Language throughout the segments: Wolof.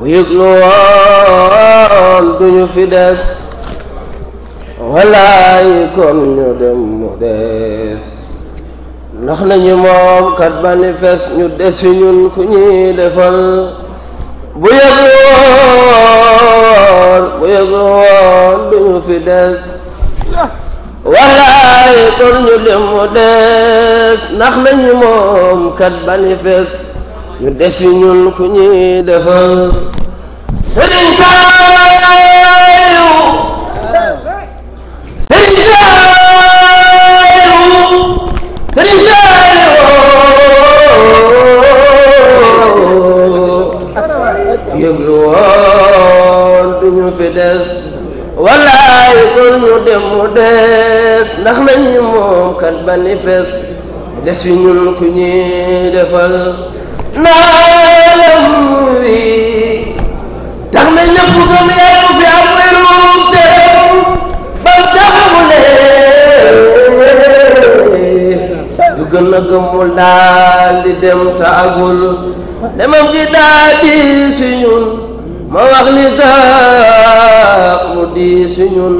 bu yëglu woon duñu fi des walaay kon ñu dem mu des ndax nañu moom kat manifeste ñu desi ñun ku ñuy defal bu yëglu woon bu yëglu woon duñu fi des walaay kon ñu dem mu des ndax nañu moom kat manifeste ñu des yi ñun ku ñuy defal sëriñ Saaliw sëriñ Saaliw sëriñ Saaliw fi des wallaay kon ñu dem mu des ndax nañu moom kat ba ni fees des yi ñun ku ñuy defal naalam wi tax na ñëpp gëm yàlla fi am wéru teem ba taxulee lu gën a gëmul daal di dem te agul demam gi daal di si ñun ma wax li tax mu di si ñun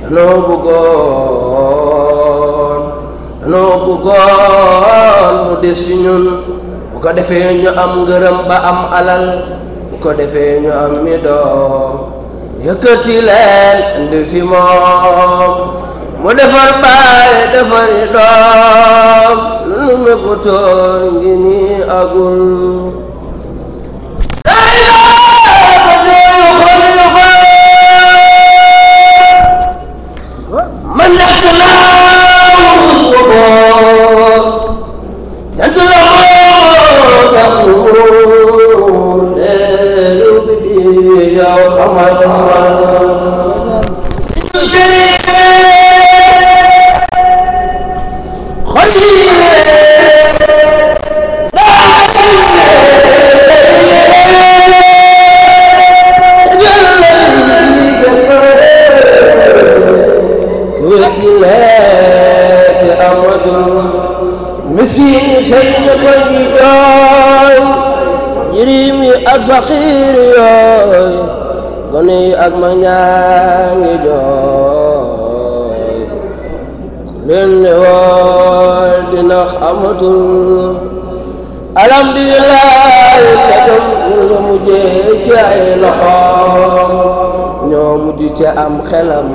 danoo bëggoon danoo bëggoon mu di si ñun bu ko defee ñu am ngërëm ba am alal ko defee ñu am mi doom yëkkati leen indi fi moom mu defar baay defari doom lu mu bëgg toon ngi agul ne koy di jooy jirim yi ak faqiir yooy gone ak ma ñaa ngi jooy leen ne wooy dina xamatul alhamdulilah ndegam ñu mujjee ci ay ñoo mujj ci am xelam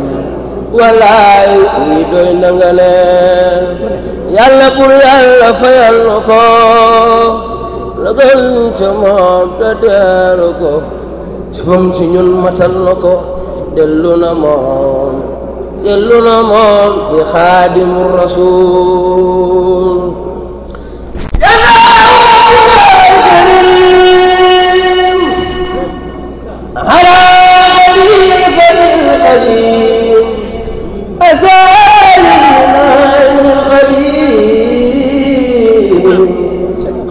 walaay yi doy na nga yàlla bur yàlla fayal na ko la gën ca moom da deeru ko jëfam si ñun matal na ko dellu na moom dellu na moom di xaadimu rasul على خليفة القديم أساس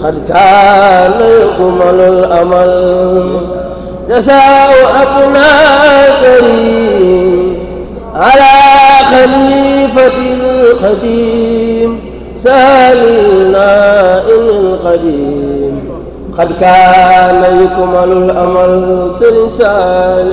قد كان يكمل الأمل جزاء أبناء كريم على خليفة القديم سالنا إن القديم قد كان يكمل الأمل سلسال